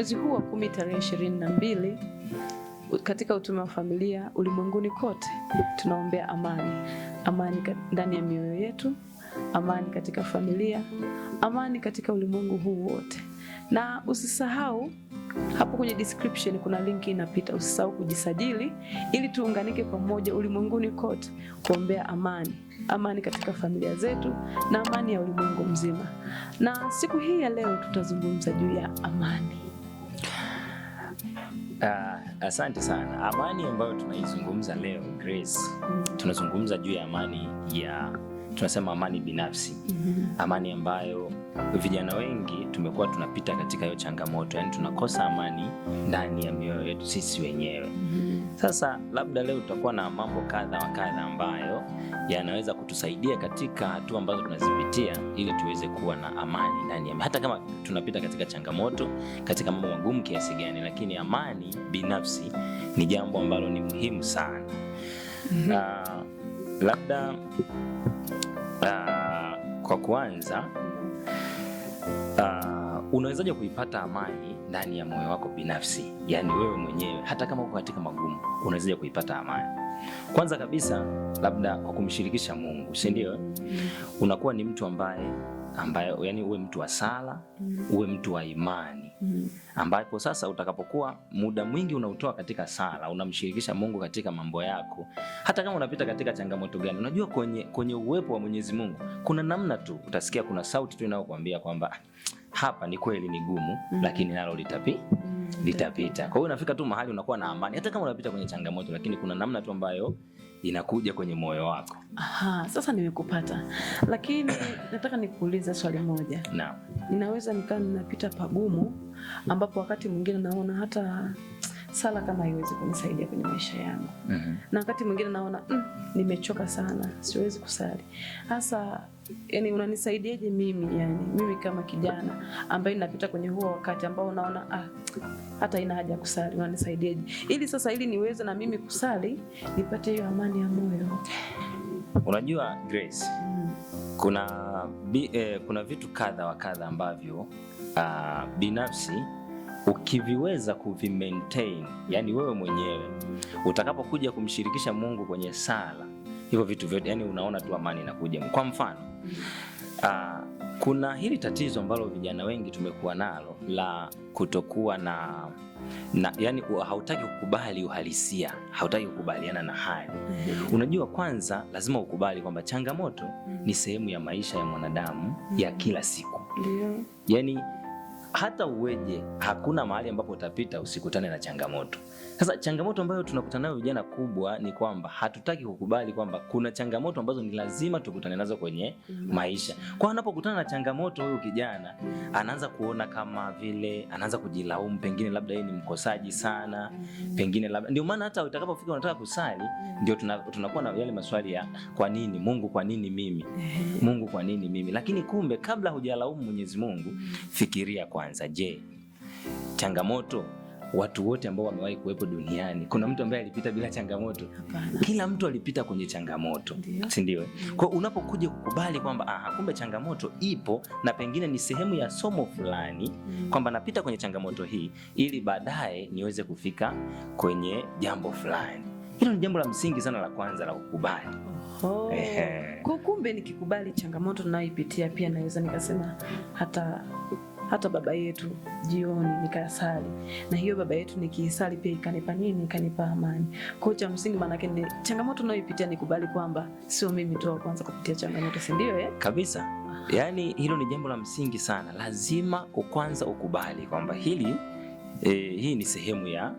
Mwezi huu wa kumi tarehe ishirini na mbili katika utume wa familia ulimwenguni kote tunaombea amani, amani ndani ya mioyo yetu, amani katika familia, amani katika ulimwengu huu wote. Na usisahau hapo kwenye description kuna linki inapita, usisahau kujisajili ili tuunganike pamoja ulimwenguni kote kuombea amani, amani katika familia zetu na amani ya ulimwengu mzima. Na siku hii ya leo tutazungumza juu ya amani. Uh, asante sana. Amani ambayo tunaizungumza leo Grace, mm. tunazungumza juu ya amani ya tunasema amani binafsi mm -hmm. amani ambayo vijana wengi tumekuwa tunapita katika hiyo changamoto, yani tunakosa amani ndani ya mioyo yetu sisi wenyewe mm -hmm. Sasa labda leo tutakuwa na mambo kadha wa kadha ambayo yanaweza kutusaidia katika hatua ambazo tunazipitia ili tuweze kuwa na amani ndani ya hata kama tunapita katika changamoto, katika mambo magumu kiasi gani, lakini amani binafsi ni jambo ambalo ni muhimu sana. Uh, labda uh, kwa kuanza uh, ah, unawezaje kuipata amani ndani ya moyo wako binafsi, yaani wewe mwenyewe, hata kama uko katika magumu, unawezaje kuipata amani? Kwanza kabisa labda kwa kumshirikisha Mungu, si ndio? Mm-hmm. Unakuwa ni mtu ambaye ambaye yani uwe mtu wa sala, mm-hmm. uwe mtu wa imani, mm-hmm. ambapo sasa utakapokuwa muda mwingi unautoa katika sala, unamshirikisha Mungu katika mambo yako, hata kama unapita katika changamoto gani. Unajua, kwenye, kwenye uwepo wa Mwenyezi Mungu kuna namna tu utasikia, kuna sauti tu inayokuambia kwamba hapa ni kweli ni gumu mm. lakini nalo litapi mm-hmm. litapita. Kwa hiyo unafika tu mahali unakuwa na amani, hata kama unapita kwenye changamoto, lakini kuna namna tu ambayo inakuja kwenye moyo wako. Aha, sasa nimekupata, lakini nataka nikuuliza swali moja. Naam, ninaweza nikawa ninapita pagumu, ambapo wakati mwingine naona hata sala kama haiwezi kunisaidia kwenye maisha yangu mm -hmm. na wakati mwingine naona mm, nimechoka sana, siwezi kusali hasa yani unanisaidiaje mimi yani, mimi kama kijana ambaye ninapita kwenye huo wakati ambao unaona ah, hata ina haja kusali, unanisaidiaje ili sasa, ili niweze na mimi kusali nipate hiyo amani ya moyo. Unajua Grace, hmm. kuna, bi, eh, kuna vitu kadha wa kadha ambavyo uh, binafsi ukiviweza kuvimaintain, yani wewe mwenyewe utakapokuja kumshirikisha Mungu kwenye sala, hivyo vitu vyote yani unaona tu amani inakuja. Kwa mfano Uh, kuna hili tatizo ambalo vijana wengi tumekuwa nalo la kutokuwa na, na yani hautaki kukubali uhalisia, hautaki kukubaliana na hali. Unajua, kwanza lazima ukubali kwamba changamoto ni sehemu ya maisha ya mwanadamu ya kila siku. yani, hata uweje, hakuna mahali ambapo utapita usikutane na changamoto. Sasa changamoto ambayo tunakutana nayo vijana kubwa ni kwamba hatutaki kukubali kwamba kuna changamoto ambazo ni lazima tukutane nazo kwenye mm. maisha. Kwa anapokutana na changamoto, huyu kijana anaanza kuona kama vile anaanza kujilaumu, pengine labda yeye ni mkosaji sana, mm. pengine labda ndio maana hata utakapofika unataka kusali, mm. ndio tunakuwa na yale maswali ya kwa nini Mungu, kwa nini mimi, eh. Mungu, kwa nini mimi? Lakini kumbe kabla hujalaumu Mwenyezi Mungu, fikiria kwa kwanza, je, changamoto watu wote ambao wamewahi kuwepo duniani, kuna mtu ambaye alipita bila changamoto? Hapana. Kila mtu alipita kwenye changamoto, si ndio? Kwa unapokuja kukubali kwamba aha, kumbe changamoto ipo na pengine ni sehemu ya somo fulani mm. kwamba napita kwenye changamoto hii ili baadaye niweze kufika kwenye jambo fulani. Hilo ni jambo la msingi sana la kwanza la kukubali. Oh. Kwa kumbe nikikubali changamoto ninayoipitia pia naweza nikasema hata hata baba yetu jioni nikasali, na hiyo baba yetu nikiisali pia ikanipa nini, ikanipa amani. Kwa cha msingi, maanake ni changamoto nayoipitia, nikubali kwamba sio mimi tu wa kwanza kupitia changamoto, si ndio? Eh, kabisa. Yaani hilo ni jambo la msingi sana, lazima ukwanza ukubali kwamba hili eh, hii ni sehemu ya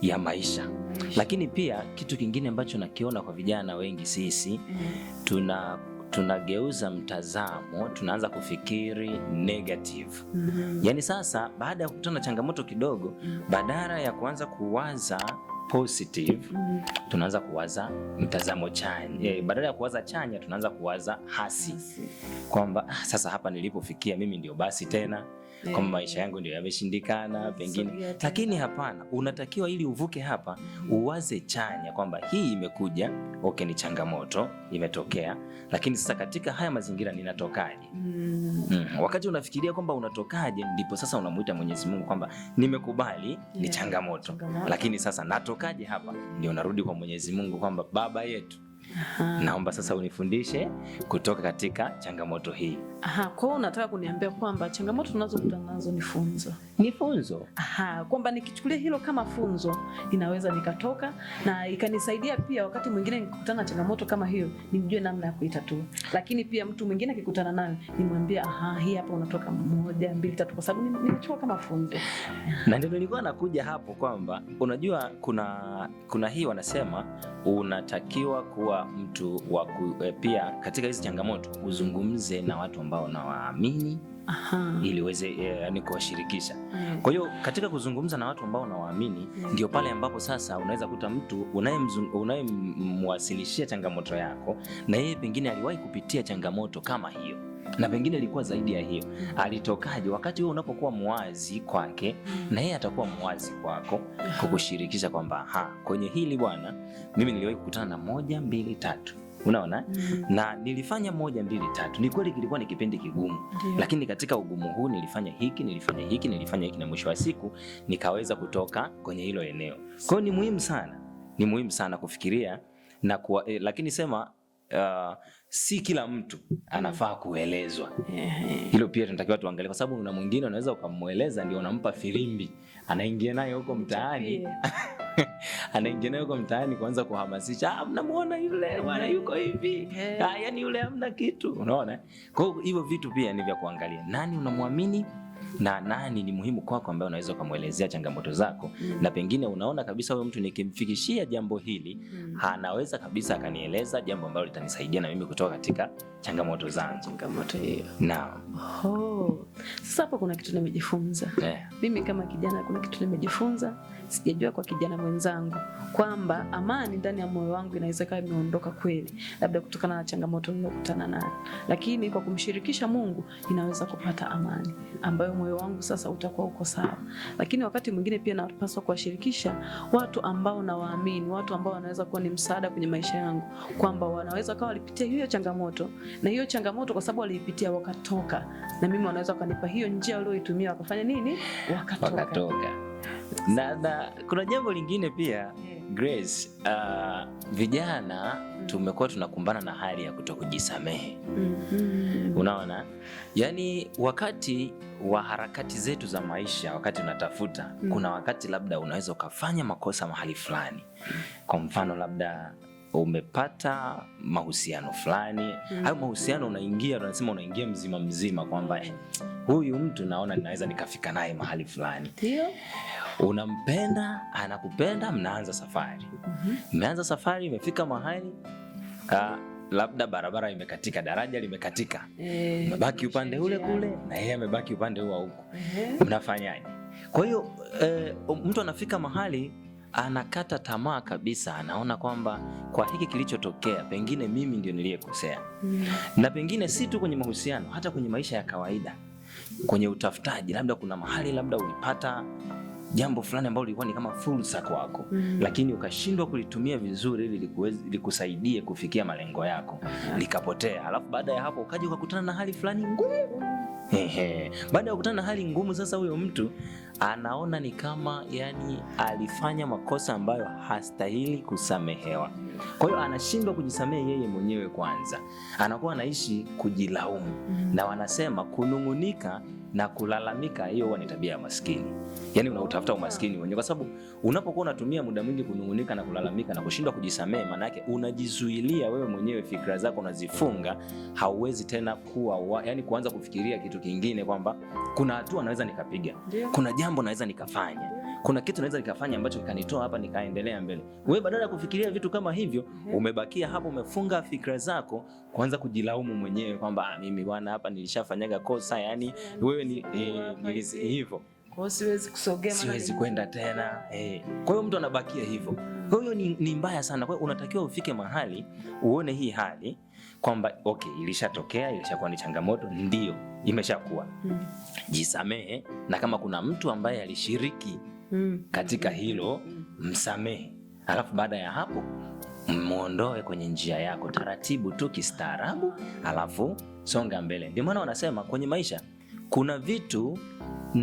ya maisha. Lakini pia kitu kingine ambacho nakiona kwa vijana wengi sisi mm. tuna tunageuza mtazamo, tunaanza kufikiri negative. mm -hmm. Yaani sasa baada ya kukutana na changamoto kidogo, mm-hmm. badala ya kuanza kuwaza positive mm -hmm. tunaanza kuwaza mtazamo chanya eh, badala ya kuwaza chanya tunaanza kuwaza hasi, kwamba ah, sasa hapa nilipofikia mimi ndio basi tena yeah, kama maisha yangu ndio yameshindikana pengine, lakini hapana, unatakiwa ili uvuke hapa mm-hmm. uwaze chanya kwamba hii imekuja okay, ni changamoto imetokea, lakini sasa katika haya mazingira ninatokaje? mm. Mm. Wakati unafikiria kwamba unatokaje, ndipo sasa unamuita Mwenyezi Mungu kwamba nimekubali, yeah, ni changamoto, changamoto, lakini sasa natokaje hapa? Ndio narudi kwa Mwenyezi Mungu kwamba Baba yetu, naomba sasa unifundishe kutoka katika changamoto hii. Aha, kwa hiyo unataka kuniambia kwamba changamoto tunazokutana nazo ni funzo? Ni funzo. Aha, kwamba nikichukulia hilo kama funzo ninaweza nikatoka na ikanisaidia pia, wakati mwingine nikikutana na changamoto kama hiyo nijue namna ya kuitatua, lakini pia mtu mwingine akikutana nayo nimwambie, aha, hii hapa unatoka moja mbili tatu, kwa sababu nimechukua kama funzo. Na ndio nilikuwa nakuja hapo kwamba unajua, kuna kuna hii wanasema unatakiwa kuwa mtu wa eh, pia, katika hizi changamoto uzungumze na watu ambao nawaamini ili weze eh, yani kuwashirikisha. Mm. Kwa hiyo katika kuzungumza na watu ambao nawaamini, mm. ndio pale ambapo sasa unaweza kuta mtu unayemwasilishia changamoto yako, na yeye pengine aliwahi kupitia changamoto kama hiyo na pengine ilikuwa zaidi ya hiyo. Mm. Alitokaje? Wakati wewe unapokuwa mwazi kwake, na yeye atakuwa mwazi kwako, kukushirikisha kwamba ha, kwenye hili bwana, mimi niliwahi kukutana na moja mbili tatu unaona mm. na nilifanya moja mbili tatu. Ni kweli kilikuwa ni kipindi kigumu yeah. Lakini katika ugumu huu nilifanya hiki nilifanya hiki nilifanya hiki, na mwisho wa siku nikaweza kutoka kwenye hilo eneo. Kwa hiyo ni muhimu sana, ni muhimu sana kufikiria na kuwa, eh, lakini sema Uh, si kila mtu anafaa kuelezwa. Hilo pia tunatakiwa tuangalie, kwa sababu kuna mwingine unaweza ukamweleza, ndio unampa filimbi, anaingia naye huko mtaani anaingia huko mtaani kuanza kuhamasisha, ah, mnamuona yule bwana yuko hivi, hey. Ah, yani yule hamna kitu. Unaona, kwa hiyo hivyo vitu pia ni vya kuangalia, nani unamwamini na nani ni muhimu kwako, kwa ambaye unaweza ukamwelezea changamoto zako mm. na pengine unaona kabisa huyo mtu nikimfikishia jambo hili mm. anaweza kabisa akanieleza jambo ambalo litanisaidia na mimi kutoka katika changamoto zangu, changamoto hiyo. Naam. Oh. Sasa hapo kuna kitu nimejifunza eh. Mimi kama kijana kuna kitu nimejifunza sijajua kwa kijana mwenzangu kwamba amani ndani ya moyo wangu inaweza kawa imeondoka kweli, labda kutokana na changamoto nilokutana nayo, lakini kwa kumshirikisha Mungu inaweza kupata amani ambayo moyo wangu sasa utakuwa uko sawa. Lakini wakati mwingine pia napaswa kuwashirikisha watu ambao nawaamini, watu ambao wanaweza kuwa ni msaada kwenye maisha yangu, kwamba wanaweza kawa walipitia hiyo changamoto na hiyo changamoto kwa sababu waliipitia wakatoka, na mimi wanaweza wakanipa hiyo njia walioitumia wakafanya nini, wakatoka, wakatoka na, na kuna jambo lingine pia Grace, uh, vijana tumekuwa tunakumbana na hali ya kuto kujisamehe mm-hmm. Unaona, yaani wakati wa harakati zetu za maisha, wakati unatafuta mm. Kuna wakati labda unaweza ukafanya makosa mahali fulani, kwa mfano labda umepata mahusiano fulani mm hayo mm-hmm. mahusiano unaingia, unasema unaingia mzima mzima kwamba eh, huyu mtu naona ninaweza nikafika naye mahali fulani, ndio unampenda, anakupenda, mnaanza safari. Mhm. Mmeanza safari, imefika mahali uh, labda barabara imekatika, daraja limekatika, eh, mabaki upande ule kule na yeye amebaki upande huo huko, mhm. mnafanyaje? Kwa hiyo eh, mtu anafika mahali anakata tamaa kabisa, anaona kwamba kwa hiki kilichotokea, pengine mimi ndio niliyekosea. Mm. Na pengine si tu kwenye mahusiano, hata kwenye maisha ya kawaida, kwenye utafutaji, labda kuna mahali labda ulipata jambo fulani ambalo lilikuwa ni kama fursa kwako mm. lakini ukashindwa kulitumia vizuri ili likusaidie kufikia malengo yako mm. likapotea. Alafu baada ya hapo ukaja ukakutana na hali fulani ngumu. Baada ya kukutana na hali ngumu, sasa huyo mtu anaona ni kama yani alifanya makosa ambayo hastahili kusamehewa. Kwa hiyo anashindwa kujisamehe yeye mwenyewe kwanza, anakuwa anaishi kujilaumu mm. na wanasema kunung'unika na kulalamika, hiyo huwa ni tabia ya maskini. Yani unautafuta umaskini mwenyewe, kwa sababu unapokuwa unatumia muda mwingi kunung'unika na kulalamika na kushindwa kujisamehe, maana yake unajizuilia wewe mwenyewe, fikra zako unazifunga, hauwezi tena kuwa yani kuanza kufikiria kitu kingine kwamba kuna hatua naweza nikapiga, kuna jambo naweza nikafanya, kuna kitu naweza nikafanya ambacho kikanitoa hapa nikaendelea mbele. Wewe badala ya kufikiria vitu kama hivyo, umebakia hapo, umefunga fikra zako, kuanza kujilaumu mwenyewe kwamba ah, mimi bwana, hapa nilishafanyaga kosa, yani wewe ni eh, hivyo siwezi kusogea, siwezi kwenda tena eh. Kwa hiyo mtu anabakia hivyo, kwa hiyo ni, ni mbaya sana. Kwa hiyo unatakiwa ufike mahali uone hii hali kwamba okay, ilishatokea, ilishakuwa ni changamoto, ndio imeshakuwa mm. Jisamehe, na kama kuna mtu ambaye alishiriki mm. katika hilo msamehe, alafu baada ya hapo mwondoe kwenye njia yako taratibu tu kistaarabu, alafu songa mbele. Ndio maana wanasema kwenye maisha kuna vitu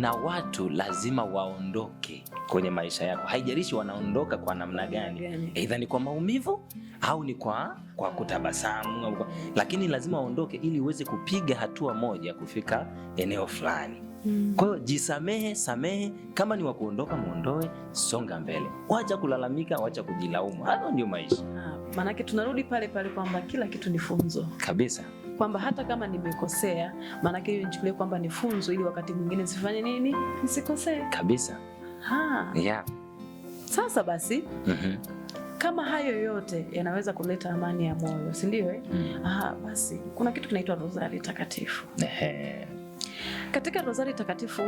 na watu lazima waondoke kwenye maisha yako, haijalishi wanaondoka kwa namna gani, aidha ni kwa maumivu au ni kwa, kwa kutabasamu kwa... lakini lazima waondoke ili uweze kupiga hatua moja kufika eneo fulani. Hmm. Kwa hiyo jisamehe, samehe, kama ni wa kuondoka muondoe, songa mbele, wacha kulalamika, wacha kujilaumu. Hayo ndio maisha. Ah, maanake tunarudi pale pale kwamba kila kitu ni funzo kabisa kwamba hata kama nimekosea, maanake hiyo nichukulie kwamba ni funzo, ili wakati mwingine sifanye nini, nisikosee kabisa. Ha. Yeah. Sasa basi mm -hmm. Kama hayo yote yanaweza kuleta amani ya moyo, si ndio? Eh? mm. Aha, basi kuna kitu kinaitwa rozari takatifu. Ehe. Katika Rozari Takatifu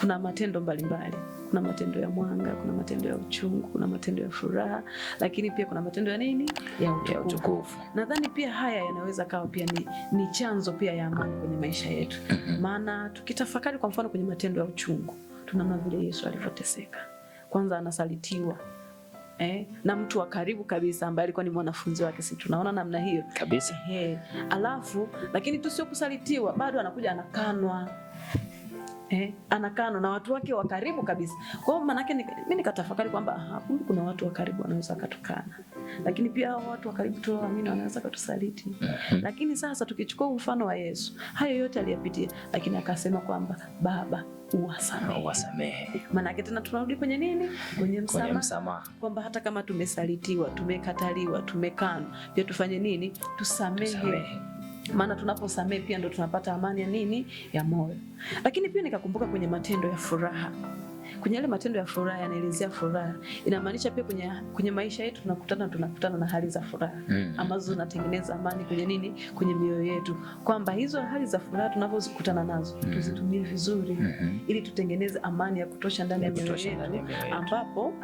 kuna matendo mbalimbali mbali. Kuna matendo ya mwanga, kuna matendo ya uchungu, kuna matendo ya furaha, lakini pia kuna matendo ya nini, ya utukufu. Nadhani pia haya yanaweza kawa pia ni, ni chanzo pia ya amani kwenye maisha yetu mm-hmm. maana tukitafakari kwa mfano kwenye matendo ya uchungu tunaona vile Yesu alivyoteseka, kwanza anasalitiwa Eh, na mtu wa karibu kabisa ambaye alikuwa ni mwanafunzi wake, si tunaona namna hiyo kabisa. Eh, alafu lakini tu sio kusalitiwa, bado anakuja anakanwa eh, anakano na watu wake wa karibu kabisa. Kwa hiyo maanake mimi nikatafakari kwamba ah, kumbe kuna watu wa karibu wanaweza wakatukana, lakini pia hao watu wa karibu tunaoamini wanaweza katusaliti. Mhm. Lakini sasa tukichukua mfano wa Yesu, hayo yote aliyapitia, lakini akasema kwamba Baba uwasamehe, uwasamehe. Maanake tena tunarudi kwenye nini? Kwenye msamaha, msama. Kwamba hata kama tumesalitiwa, tumekataliwa, tumekanwa, pia tufanye nini? Tusamehe, tusamehe maana tunaposamehe pia ndo tunapata amani ya nini, ya moyo. Lakini pia nikakumbuka kwenye matendo ya furaha, kwenye yale matendo ya furaha yanaelezea furaha, inamaanisha pia kwenye, kwenye maisha yetu tunakutana tunakutana na hali za furaha mm, ambazo zinatengeneza amani kwenye nini, kwenye mioyo yetu, kwamba hizo hali za furaha tunapozikutana nazo mm, tuzitumie vizuri mm -hmm, ili tutengeneze amani ya kutosha ndani ya mioyo yetu ambapo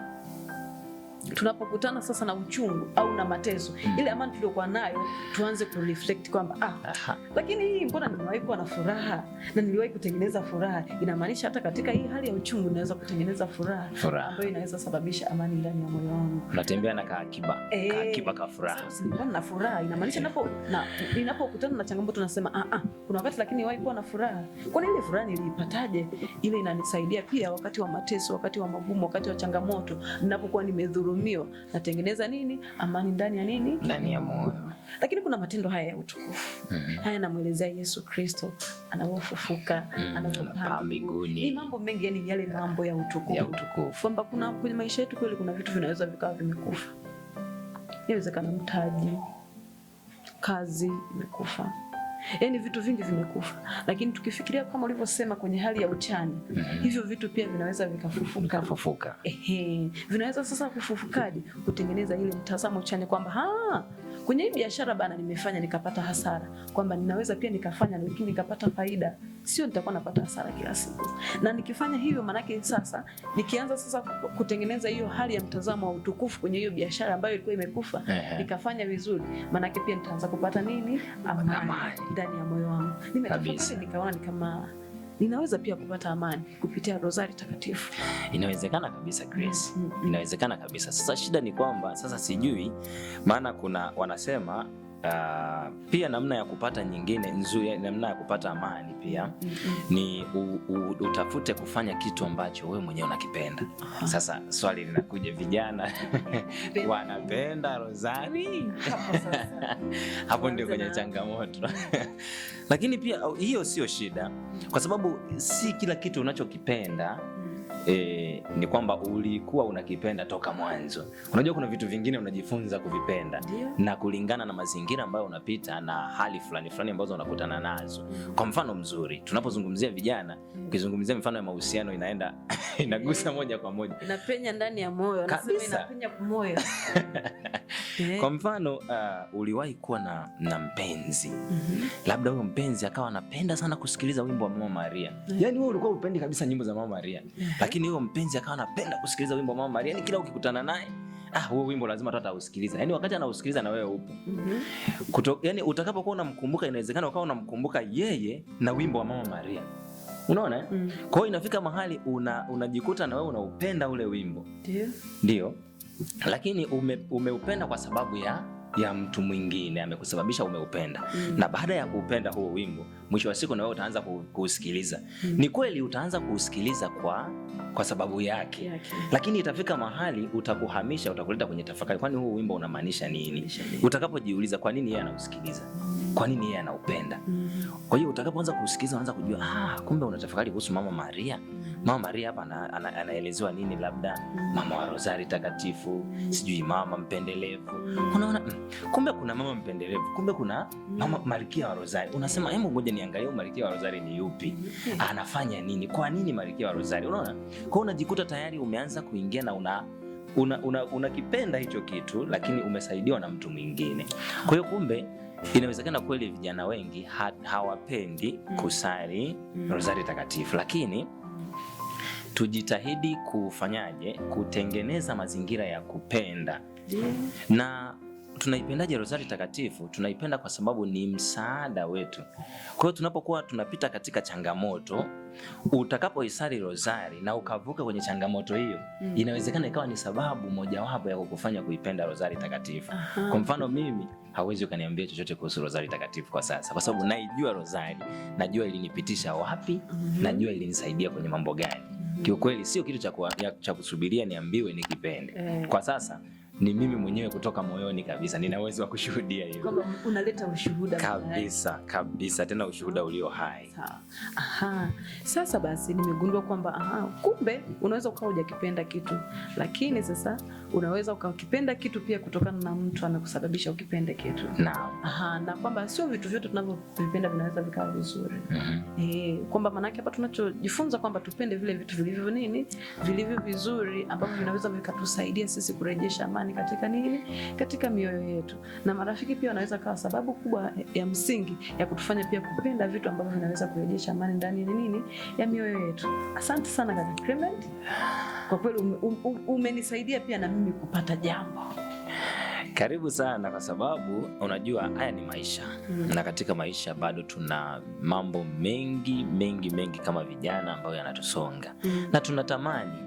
tunapokutana sasa na uchungu au na mateso mm. ile amani tuliokuwa nayo tuanze kureflect kwamba ah, lakini hii mbona niliwahi kuwa na furaha na niliwahi kutengeneza furaha. Inamaanisha hata katika hii hali ya uchungu naweza kutengeneza furaha, furaha. ambayo inaweza sababisha amani ndani ya moyo wangu. Natembea na kaakiba e, kaakiba eh. ka furaha mbona na furaha, inamaanisha eh. napo na ninapokutana na changamoto nasema ah, ah, kuna wakati lakini niliwahi kuwa na furaha, Kwa nini ile furaha niliipataje? Ile inanisaidia pia wakati wa mateso, wakati wa magumu, wakati wa changamoto ninapokuwa nimedhuru kudhulumiwa, natengeneza nini? Amani ndani ya nini? Ndani ya moyo. Lakini kuna matendo haya ya utukufu mm haya namwelezea Yesu Kristo anapofufuka, mm, anapopaa mbinguni, ni mambo mengi, yani yale mambo ya utukufu, kwamba kuna kwenye maisha yetu kweli kuna vitu vinaweza vikawa vimekufa, inawezekana mtaji, kazi imekufa Yaani vitu vingi vimekufa, lakini tukifikiria kama ulivyosema kwenye hali ya uchani mm -hmm. hivyo vitu pia vinaweza vikafufuka Vika ehe, vinaweza sasa kufufukaje, kutengeneza ile mtazamo chanya kwamba Kwenye hii biashara bana, nimefanya nikapata hasara, kwamba ninaweza pia nikafanya lakini nikapata faida, sio nitakuwa napata hasara kila siku. Na nikifanya hivyo, maanake sasa nikianza sasa kutengeneza hiyo hali ya mtazamo wa utukufu kwenye hiyo biashara ambayo ilikuwa imekufa, nikafanya vizuri, maanake pia nitaanza kupata nini, amani ndani ya moyo wangu. Nimetafakari nikaona ni kama ninaweza pia kupata amani kupitia rosari takatifu. Inawezekana kabisa Grace. Mm -hmm. Inawezekana kabisa. Sasa shida ni kwamba sasa sijui, maana kuna wanasema Uh, pia namna ya kupata nyingine nzuri, namna ya kupata amani pia mm -hmm. ni u, u, utafute kufanya kitu ambacho wewe mwenyewe unakipenda. Sasa swali linakuja, vijana wanapenda rozari? Hapo ndio kwenye changamoto lakini pia hiyo sio shida, kwa sababu si kila kitu unachokipenda e, ni kwamba ulikuwa unakipenda toka mwanzo. Unajua kuna vitu vingine unajifunza kuvipenda Dio, na kulingana na mazingira ambayo unapita na hali fulani fulani ambazo unakutana nazo. Kwa mfano mzuri, tunapozungumzia vijana, mm. ukizungumzia mfano ya mahusiano inaenda inagusa moja kwa moja, Inapenya ndani ya moyo, nasema inapenya kwa moyo eh. Kwa mfano uh, uliwahi kuwa na, na mpenzi mm -hmm. Labda huyo mpenzi akawa anapenda sana kusikiliza wimbo wa Mama Maria mm -hmm. Eh. Yani wewe ulikuwa upendi kabisa nyimbo za Mama Maria mm -hmm lakini huyo mpenzi akawa anapenda kusikiliza wimbo Mama Maria. Yani kila ukikutana naye ah, huo wimbo lazima tu atausikiliza. Yani wakati anausikiliza na wewe upo. Mm -hmm. yani utakapokuwa unamkumbuka, inawezekana ukawa unamkumbuka yeye na wimbo wa Mama Maria. Unaona? Eh? Mm. Kwa hiyo inafika mahali una, unajikuta na wewe unaupenda ule wimbo. Ndio. Ndio. Lakini ume, umeupenda kwa sababu ya ya mtu mwingine amekusababisha umeupenda mm. na baada ya kuupenda huo wimbo, mwisho wa siku na wewe utaanza kuusikiliza mm. ni kweli utaanza kuusikiliza kwa, kwa sababu yake yeah, Lakini itafika mahali utakuhamisha, utakuleta kwenye tafakari, kwani huu wimbo unamaanisha nini? Utakapojiuliza kwa nini yeye anausikiliza, mm. kwa nini yeye anaupenda mm. kwa hiyo utakapoanza kuusikiliza unaanza kujua ah, kumbe unatafakari kuhusu Mama Maria mm. Mama Maria hapa ana, ana, nini? Labda mama wa Rozari Takatifu, sijui mama mpendelevu. Unaona, mm, kumbe kuna mama mpendelevu, kumbe kuna mama Malkia wa Rozari. Unasema hebu ngoja niangalie Malkia wa Rozari ni yupi, anafanya nini, kwa nini Malkia wa Rozari? Unaona, kwa unajikuta tayari umeanza kuingia na una unakipenda una, una hicho kitu lakini umesaidiwa na mtu mwingine. Kwa hiyo kumbe inawezekana kweli vijana wengi ha, hawapendi kusali mm. Rozari Takatifu lakini tujitahidi kufanyaje, kutengeneza mazingira ya kupenda na tunaipendaje Rozari Takatifu? Tunaipenda kwa sababu ni msaada wetu. Kwa hiyo tunapokuwa tunapita katika changamoto, utakapoisali Rozari na ukavuka kwenye changamoto hiyo mm. inawezekana ikawa ni sababu mojawapo ya kukufanya kuipenda Rozari Takatifu. Aha. Kwa mfano mimi, hawezi ukaniambia chochote kuhusu Rozari Takatifu kwa sasa, kwa sababu naijua Rozari, najua ilinipitisha wapi mm -hmm. najua ilinisaidia kwenye mambo gani Kiukweli sio kitu cha cha kusubiria niambiwe nikipende. Eh. Kwa sasa ni mimi mwenyewe kutoka moyoni kabisa, nina uwezo wa kushuhudia hiyo. Kwamba unaleta ushuhuda kabisa kabisa, tena ushuhuda ulio hai. Aha. Sasa basi nimegundua kwamba aha, kumbe unaweza ukawa hujakipenda kitu, lakini sasa unaweza ukakipenda kitu pia kutokana na mtu amekusababisha ukipende kitu na, Aha, na kwamba sio vitu vyote tunavyovipenda vinaweza vikawa vizuri mm -hmm. E, kwamba maanake hapa tunachojifunza kwamba tupende vile vitu vilivyo nini, vilivyo vizuri ambavyo vinaweza vikatusaidia sisi kurejesha amani katika nini, katika mioyo yetu, na marafiki pia wanaweza kawa sababu kubwa ya msingi ya kutufanya pia kupenda vitu ambavyo vinaweza kurejesha amani ndani ya nini ya mioyo yetu. Asante sana kwa kweli um-, um-, umenisaidia pia na mimi kupata jambo. Karibu sana kwa sababu unajua haya ni maisha mm. Na katika maisha bado tuna mambo mengi mengi mengi kama vijana ambayo yanatusonga mm. Na tunatamani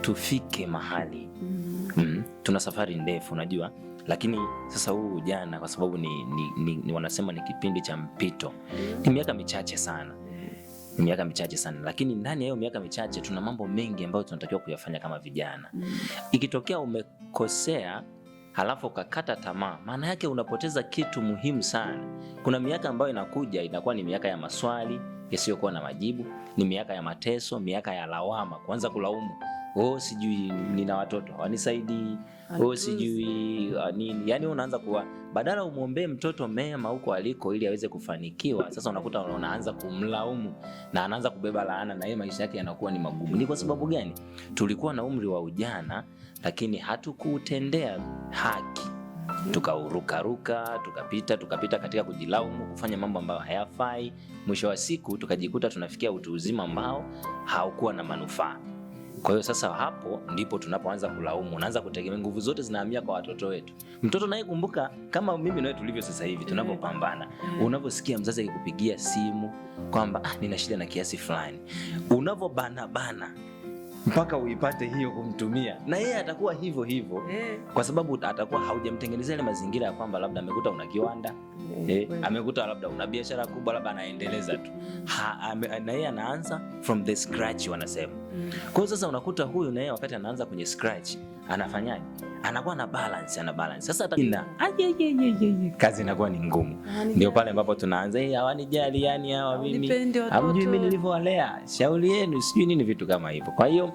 tufike mahali mm. Mm. Tuna safari ndefu unajua, lakini sasa huu ujana kwa sababu ni, ni, ni, ni wanasema ni kipindi cha mpito, ni miaka michache sana ni miaka michache sana, lakini ndani ya hiyo miaka michache tuna mambo mengi ambayo tunatakiwa kuyafanya kama vijana. Mm. Ikitokea umekosea halafu ukakata tamaa, maana yake unapoteza kitu muhimu sana. Kuna miaka ambayo inakuja inakuwa ni miaka ya maswali yasiyokuwa na majibu, ni miaka ya mateso, miaka ya lawama, kuanza kulaumu, oh, sijui nina watoto hawanisaidii Ah, yaani wewe sijui nini, yani unaanza kuwa badala umwombee mtoto mema huko aliko ili aweze kufanikiwa. Sasa unakuta unaanza kumlaumu na anaanza kubeba laana, na yeye maisha yake yanakuwa ni magumu. Ni kwa sababu gani? Tulikuwa na umri wa ujana, lakini hatukutendea haki tukaurukaruka tukapita tukapita katika kujilaumu, kufanya mambo ambayo hayafai. Mwisho wa siku tukajikuta tunafikia utu uzima ambao haukuwa na manufaa. Kwa hiyo sasa hapo ndipo tunapoanza kulaumu, unaanza kutegemea, nguvu zote zinahamia kwa watoto wetu. Mtoto naye kumbuka, kama mimi nawe tulivyo sasa hivi tunapopambana, mm. unavyosikia mzazi akikupigia simu kwamba ah, nina shida na kiasi fulani, unavyobanabana mpaka uipate hiyo kumtumia, na yeye atakuwa hivyo hivyo, eh. kwa sababu atakuwa haujamtengenezea ile mazingira ya kwamba labda amekuta una kiwanda eh, amekuta labda una biashara kubwa, labda anaendeleza tu na yeye anaanza from the scratch wanasema. Mm. Kwa hiyo sasa unakuta huyu na yeye wakati anaanza kwenye scratch anafanyaje? Anakuwa na balance, ana balance. Sasa ina ah, kazi inakuwa ni ngumu, ah, ndio pale ambapo tunaanza hii, hawanijali yani hawa mimi, hamjui mimi nilivyowalea, shauri yenu, sijui nini, vitu kama hivyo. Kwa hiyo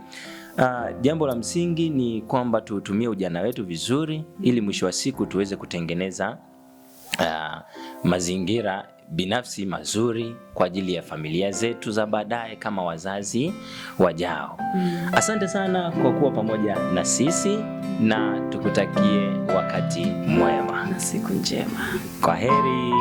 Uh, jambo la msingi ni kwamba tutumie ujana wetu vizuri mm. ili mwisho wa siku tuweze kutengeneza uh, mazingira binafsi mazuri kwa ajili ya familia zetu za baadaye kama wazazi wajao. Mm. Asante sana kwa kuwa pamoja na sisi na tukutakie wakati mwema na siku njema. Kwa heri.